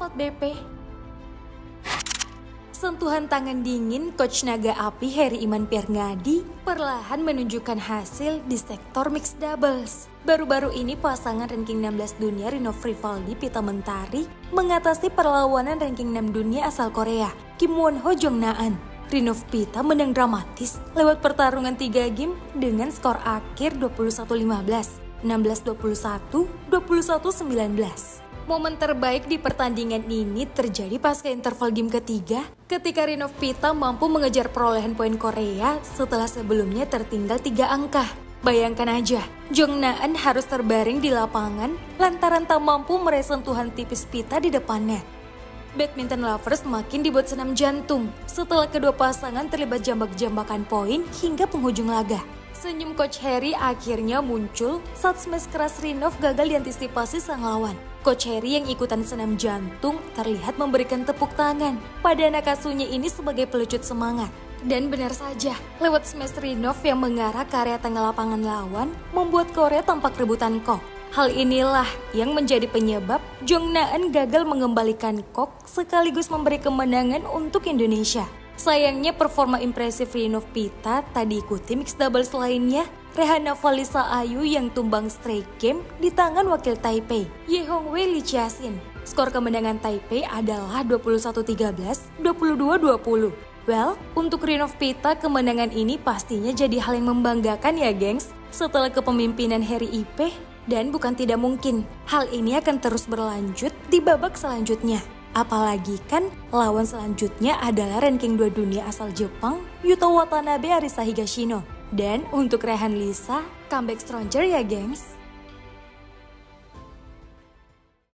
Sobat BP. Sentuhan tangan dingin Coach Naga Api Heri Iman Pirngadi perlahan menunjukkan hasil di sektor mixed doubles. Baru-baru ini pasangan ranking 16 dunia Rino Frivaldi Pita Mentari mengatasi perlawanan ranking 6 dunia asal Korea Kim Won Ho Jong Naan. Rinov Pita menang dramatis lewat pertarungan 3 game dengan skor akhir 21-15, 16-21, 21-19 momen terbaik di pertandingan ini terjadi pasca interval game ketiga ketika Rinov Pita mampu mengejar perolehan poin Korea setelah sebelumnya tertinggal tiga angka. Bayangkan aja, Jong Naan harus terbaring di lapangan lantaran tak mampu meresentuhan tipis Pita di depannya. Badminton lovers makin dibuat senam jantung setelah kedua pasangan terlibat jambak-jambakan poin hingga penghujung laga. Senyum Coach Harry akhirnya muncul saat smash keras Rinov gagal diantisipasi sang lawan. Coach Harry yang ikutan senam jantung terlihat memberikan tepuk tangan pada anak asuhnya ini sebagai pelucut semangat. Dan benar saja, lewat Rinov yang mengarah ke area tengah lapangan lawan, membuat Korea tampak rebutan kok. Hal inilah yang menjadi penyebab Jong Naen gagal mengembalikan kok sekaligus memberi kemenangan untuk Indonesia. Sayangnya performa impresif Rinov Pita tadi ikuti mix doubles lainnya Rehana Falisa Ayu yang tumbang straight game di tangan wakil Taipei, Ye Hongwei Li Chiasin. Skor kemenangan Taipei adalah 21-13, 22-20. Well, untuk Rinov Pita kemenangan ini pastinya jadi hal yang membanggakan ya gengs. Setelah kepemimpinan Harry Ipe, dan bukan tidak mungkin, hal ini akan terus berlanjut di babak selanjutnya. Apalagi kan lawan selanjutnya adalah ranking 2 dunia asal Jepang, Yuto Watanabe Arisa Higashino. Dan untuk Rehan Lisa, comeback stronger ya gengs.